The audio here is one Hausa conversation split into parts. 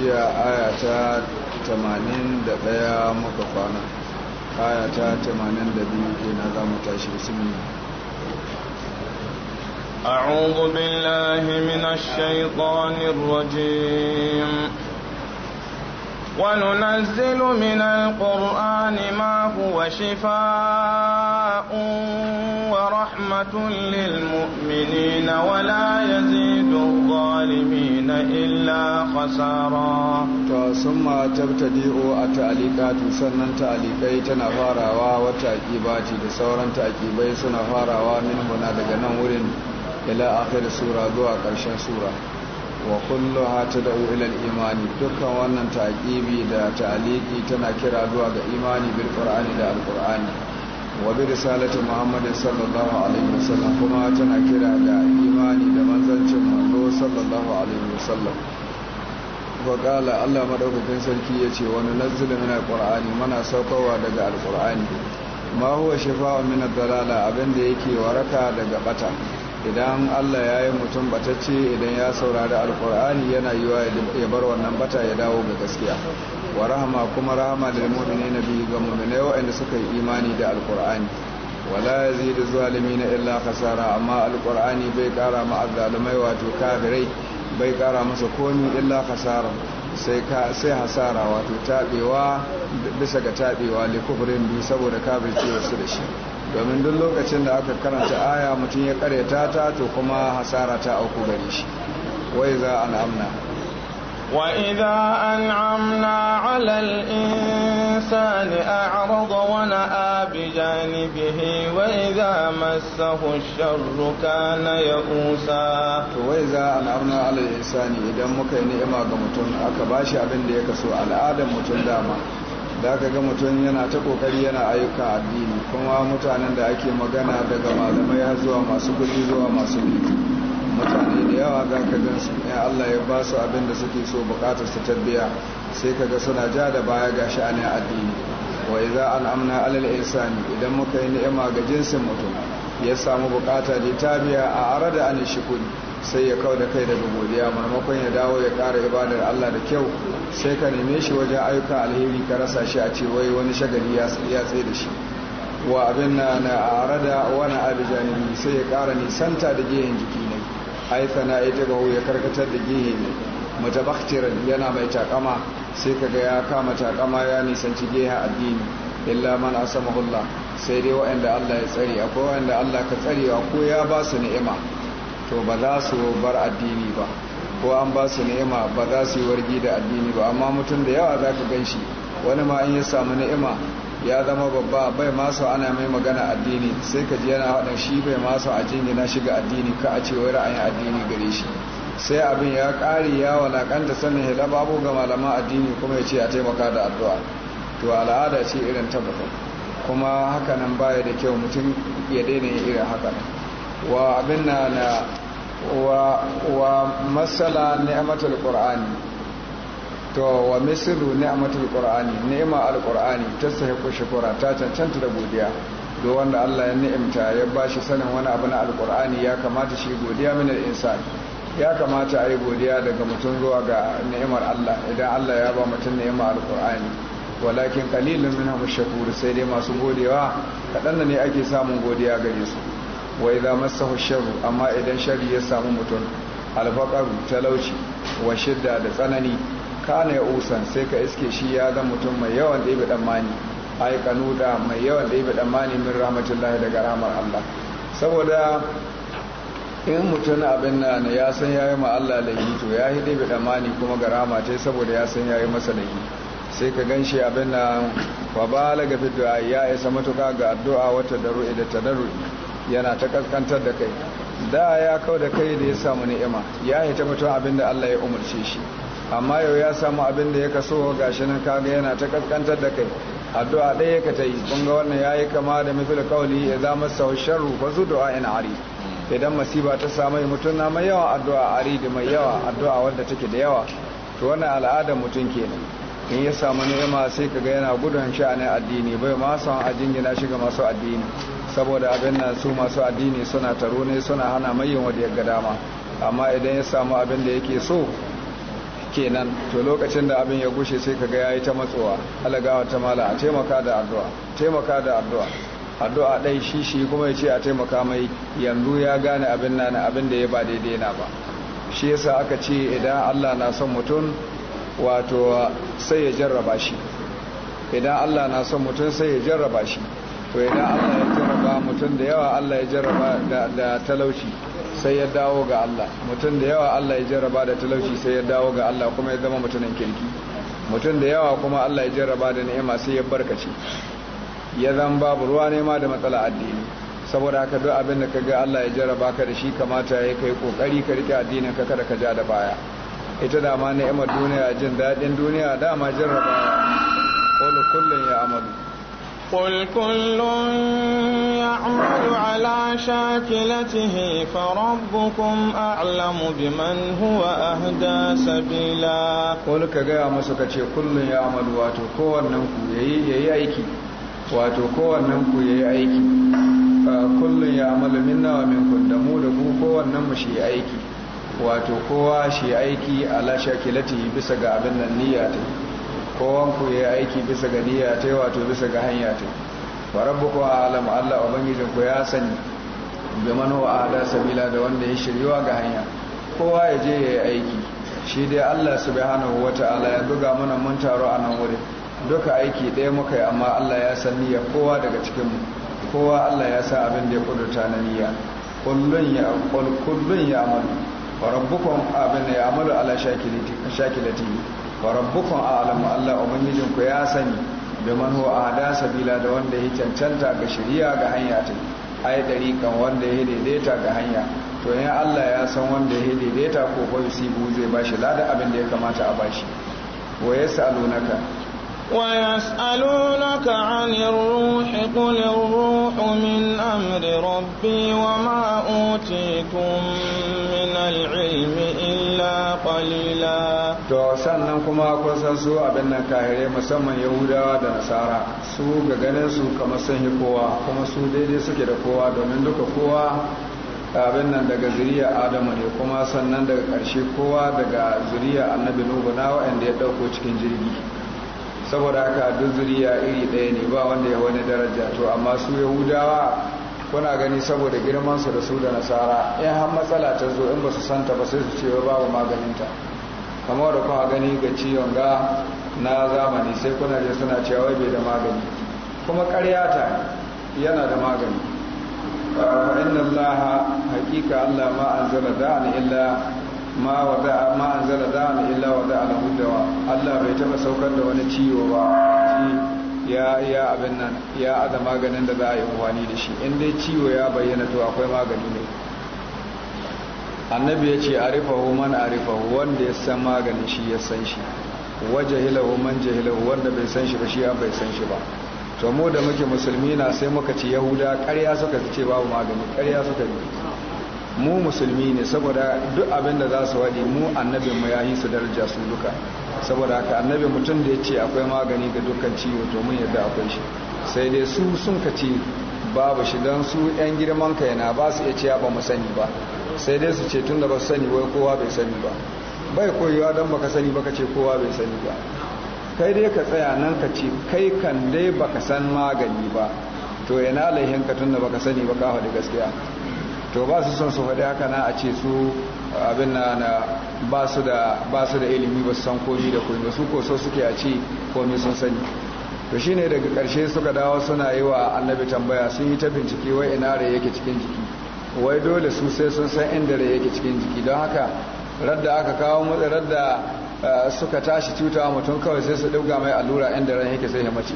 jiya aya ta 81 muka kwana aya ta 82 kenan za mu tashi bismillah أعوذ بالله من الشيطان الرجيم وننزل من القرآن ما هو شفاء ورحمة للمؤمنين ولا يزيد الظالمين إلا خسارا ثم تبتدئ التعليقات سنن تعليقي تنفارا وتعقيبات سورا تعقيبي سنفارا من هنا دقنا ورن إلى آخر سورة دعا قرشان سورة wa kullu tad'u da imani dukkan wannan taqibi da taliki tana kira zuwa ga imani bil qur'ani da alqur'ani wa bi risalati muhammad sallallahu alaihi wasallam kuma tana kira ga imani da manzancin manzo sallallahu alaihi wasallam wa qala Allah madaukakin sarki yace wani nunazzilu min alqur'ani mana saukowa daga alqur'ani ma huwa shifa'un min ad-dalala abinda yake waraka daga bata idan Allah ya yi mutum batacce idan ya saurari alkur'ani yana yiwa ya bar wannan bata ya dawo ga gaskiya wa rahama kuma rahama da mu'mini na biyu ga mu'minai waɗanda suka yi imani da alkur'ani wala zalimi na illa kasara amma alkur'ani bai kara ma azalumai wato kafirai bai kara masa komi illa kasara sai hasara wato tabewa bisa ga tabewa likubrin bi saboda kafirci wasu da shi domin duk lokacin da aka karanta aya mutum ya kare ta ta to kuma hasara ta auku gari shi wai za a na'amna wai za a na'amna alal insa ne a arzọ wani abijan bihe wai za a masa hushar roka ya usa to wai za a na'amna alal insa ne idan muka yi ni'ima ga mutum aka ba shi abin da ya kaso al'adar mutum dama da aka ga mutum yana ta kokari yana ayyuka addini kuma mutanen da ake magana daga malamai har zuwa masu kudi zuwa masu biki mutane da yawa za ka gan su ya Allah ya ba su abin da suke so bukatar su tabbiya sai ka ga suna ja da baya ga sha'anin addini wa za an amna alal insani idan muka yi ni'ima ga jinsin mutum ya samu bukata da ta biya a ara da an shukuri sai ya kawo da kai daga godiya maimakon ya dawo ya kara ibadar Allah da kyau sai ka neme shi wajen ayyuka alheri ka rasa shi a ce wai wani shagali ya tsaye da shi wa abin na na ara da wani abijani sai ya kara nisanta da gehen jiki ne na ita ga ya karkatar da gehe ne mutabaktiran yana mai takama sai ka ga ya kama takama ya nisanci gehen addini illa man asamahullah sai dai waɗanda Allah ya tsare akwai wanda Allah ka tsarewa ko ya ba su ni'ima to ba za su bar addini ba ko an ba su ni'ima ba za su yi wargi da addini ba amma mutum da yawa zaka ka gan shi wani ma in ya samu ni'ima ya zama babba bai masu ana mai magana addini sai ka ji yana wadan shi bai masu a na shiga addini ka a ce wai ra'ayin addini gare shi sai abin ya kare ya walakanta sanin babu ga malaman addini kuma ya ce a taimaka da addu'a to al'ada ce irin ta kuma hakanan baya da kyau mutum ya daina irin haka wa abin na na wa wa masala ni'matul qur'ani to wa misru ni'matul qur'ani ni'ma al-qur'ani tasahiqu shukura ta cancanta da godiya do wanda Allah ya ni'imta ya bashi sanin wani abu na al-qur'ani ya kamata shi godiya min al-insani ya kamata ayi godiya daga mutum zuwa ga ni'imar Allah idan Allah ya ba mutum ni'imar al-qur'ani walakin kalilin min shakur sai dai masu godewa kaɗan ne ake samun godiya gare su wa idza massahu sharru amma idan shari ya samu mutum alfaqaru talauci wa shidda da tsanani kana ya usan sai ka iske shi ya ga mutum mai yawan ɗebe dan mani ai kanuda mai yawan ɗebe dan mani min rahmatullahi daga rahmar Allah saboda in mutum abin na ya san yayi ma Allah laifi to yayi ɗebe dan mani kuma ga ce saboda ya san yayi masa laifi sai ka gan shi abin na fabala ga fiddu'a ya isa matuka ga addu'a wata daru'i da tadarru'i yana ta kaskantar da kai da ya kau da kai da ya samu ni'ima ya yi ta mutum abin da Allah ya umarce shi amma yau ya samu abin da ya kaso gashi nan kaga yana ta kaskantar da kai addu'a ɗaya ka ta yi kun ga wannan yayi kama da mithil ya idza massahu sharru fa zu in ari idan masiba ta samu mutum na mai yawa addu'a ari da mai yawa addu'a wadda take da yawa to wannan al'adar mutum kenan in ya samu ni'ima sai ka ga yana gudun sha'anin addini bai ma son a jingina shi ga masu addini saboda abin nan su masu addini suna taro ne suna hana mai yin wadda ga dama amma idan ya samu abin da yake so kenan to lokacin da abin ya gushe sai ka ga yayi ta matsowa alagawa ta mala a taimaka da addu'a taimaka da addu'a addu'a dai shi shi kuma ya ce a taimaka mai yanzu ya gane abin nan abin da ya ba daidai na ba shi yasa aka ce idan Allah na son mutum wato sai ya jarraba shi idan Allah na son mutum sai ya jarraba shi to idan Allah ya jarraba mutum da yawa Allah ya jarraba da talauci sai ya dawo ga Allah mutum da yawa Allah ya jarraba da talauci sai ya dawo ga Allah kuma ya zama mutumin kirki mutum da yawa kuma Allah ya jarraba da ni'ima sai ya barkace ya zan babu ruwa ne ma da matsala addini saboda haka duk abin da kaga Allah ya jarraba ka da shi kamata ya kai kokari ka rike addinin ka kada ka ja da baya ita dama ni'imar duniya jin daɗin duniya da ma dama jarrabawa qul kullun ya'malu qul kullun ya'malu ala shakilatihi farabbukum a'lamu biman huwa hada sabila qul ka gaya ka ce kullum ya ya'malu wato kowannan ku ya yi aiki wato kowannen ku yayi aiki kullun ya'malu minna wa minkum da mu da ku kowannen mu shi aiki wato kowa shi aiki lashe shakilati bisa ga abin nan niyya ta kowan ku ya aiki bisa ga niyya ta wato bisa ga hanya ta wa a alam Allah ubangijin ku ya sani bi man a ala sabila da wanda ya shiryuwa ga hanya kowa ya je ya yi aiki shi dai Allah subhanahu ta'ala ya buga mana mun taro a nan wurin duka aiki ɗaya muka yi amma Allah ya san niyya kowa daga cikinmu kowa Allah ya sa abin da ya kudurta na niyya kullun ya kullun ya amalu warabbukun abin da ya amalu ala shakilati warabbukun a alamu allah ubangijinku ya sani da manho a hada sabila da wanda ya cancanta ga shirya ga hanya ta ai ɗarikan wanda ya daidaita ga hanya to yin allah ya san wanda ya daidaita ko kwa yusibu zai shi lada abin da ya kamata a ba bashi wa ya sa'alunaka ويسألونك عن الروح قل الروح من أمر ربي وما أوتيتم من العلم إلا قليلا to sannan kuma kun san su abin nan kahire musamman yahudawa da nasara su ga ganin su kamar sun kowa kuma su daidai suke da kowa domin duka kowa abin nan daga zuriya adamu ne kuma sannan daga ƙarshe kowa daga zuriya annabi nuhu na waɗanda ya ɗauko cikin jirgi saboda haka duk zuriya iri ɗaya ne ba wanda ya wani daraja to amma su yahudawa kuna gani saboda girmansu da su da nasara in har matsala ta zo in ba su santa ba sai su ce babu maganinta kamar da kuma gani ga ciwon ga na zamani sai kuna je suna cewa bai da magani kuma ƙarya ta yana da magani inna allaha allah ma anzala da'an illa ma Allah bai taba saukar da wani ciwo ba ya ya abin nan ya ada maganin da za a yi wani da shi inda ciwo ya bayyana to akwai magani ne annabi ya ce arifahu man arifahu wanda ya san maganin shi ya san shi wa jahilahu man jahilahu wanda bai san shi ba shi ya bai san shi ba to mu da muke musulmi na sai muka ci yahuda ƙarya suka ce babu magani ƙarya suka yi mu musulmi ne saboda duk abin da za su waɗi mu annabinmu ya yi su daraja su duka saboda haka annabi mutum da ya ce akwai magani ga dukkan ciwo to mun yadda akwai shi sai dai su sun ka ce babu shi don su yan girman kai na ba su iya cewa ba mu sani ba sai dai su ce tun da ba su sani wai kowa bai sani ba bai koyiwa don baka sani ba ka ce kowa bai sani ba kai dai ka tsaya nan ka ce kai kan dai baka san magani ba to yana laihin ka tun da baka sani ba ka da gaskiya to ba su son su faɗi haka na a ce su abin na na ba su da ilimi ba su san komi da komi su ko so suke a ce komi sun sani to shi ne daga ƙarshe suka dawo suna yi wa annabi tambaya sun yi ta bincike wai ina rai yake cikin jiki wai dole su sai sun san inda rai yake cikin jiki don haka radda aka kawo mutu radda eh, suka tashi cuta mutum kawai sai su ɗauka mai allura inda rai yake sai ya mace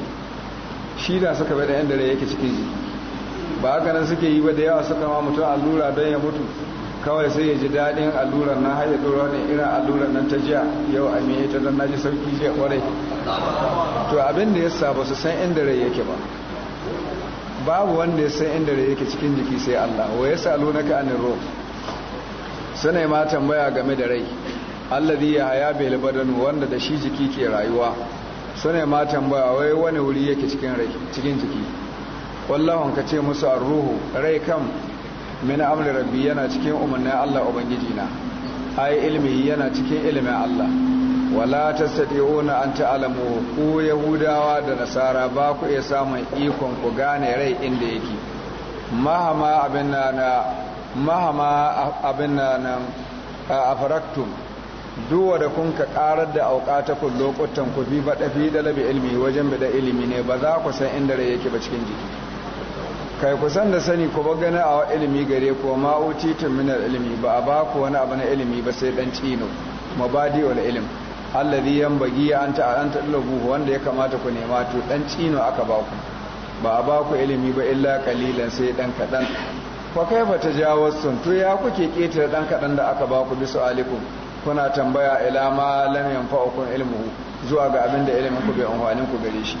shi da suka bai da inda rai yake cikin jiki ba haka nan suke yi ba da yawa suka ma mutum allura don ya mutu kawai sai ya ji daɗin allurar na haɗe ɗora ne irin allurar nan ta jiya yau a miye ta don naji sauƙi jiya ƙwarai to abin da ya sa ba su san inda rai yake ba babu wanda ya san inda rai yake cikin jiki sai Allah wa ya salo na ka'anin su suna ma tambaya game da rai alladhi ya haya bil badan wanda da shi jiki ke rayuwa suna ma tambaya wai wani wuri yake cikin rai cikin jiki wallahun ka ce musu ruhu rai kam mini amri rabbi yana cikin umarni Allah ubangiji na ai ilmi yana cikin ilimin Allah wala ona an alamu ko yahudawa da nasara ba ku iya samun ikon ku gane rai inda yake mahama abin na mahama abin na afaraktum duwa da kun ka karar da aukata ku lokutan ku bi ba dafi da ilmi wajen bada ilimi ne ba za ku san inda rai yake ba cikin jiki kai kusan da sani ku bagana a ilimi gare ku ma utitun min ilimi ba a ba ku wani abu na ilimi ba sai dan tino mabadi wal ilm alladhi yanbaghi an ta an talabu wanda ya kamata ku nema to dan tino aka ba ku ba a ba ku ilimi ba illa qalilan sai dan kadan fa kaifa sun to ya kuke ketare dan kadan da aka ba ku bisu alikum kuna tambaya ila ma lam yanfa'ukum ilmuhu zuwa ga abinda da ilimin ku bai amfanin ku gare shi